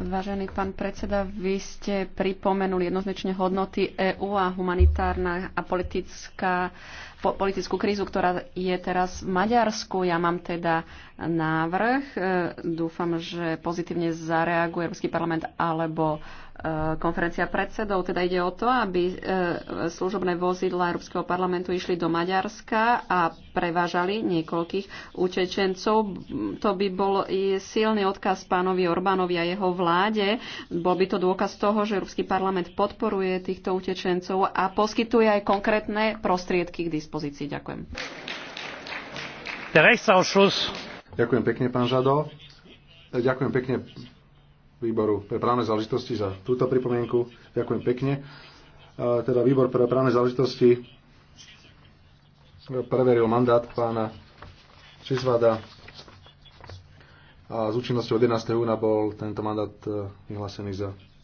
Vážený pán predseda, vy ste pripomenuli jednoznačne hodnoty EÚ a humanitárna a politická politickú krízu, ktorá je teraz v Maďarsku. Ja mám teda návrh. E, dúfam, že pozitívne zareaguje Európsky parlament alebo e, konferencia predsedov. Teda ide o to, aby e, služobné vozidla Európskeho parlamentu išli do Maďarska a prevážali niekoľkých utečencov. To by bol silný odkaz pánovi Orbánovi a jeho vláde. Bol by to dôkaz toho, že Európsky parlament podporuje týchto utečencov a poskytuje aj konkrétne prostriedky k dispozícii dispozícii. Ďakujem. Ďakujem pekne, pán Žado. Ďakujem pekne výboru pre právne záležitosti za túto pripomienku. Ďakujem pekne. Teda výbor pre právne záležitosti preveril mandát pána Čizvada a s účinnosťou 11. júna bol tento mandát e, vyhlásený za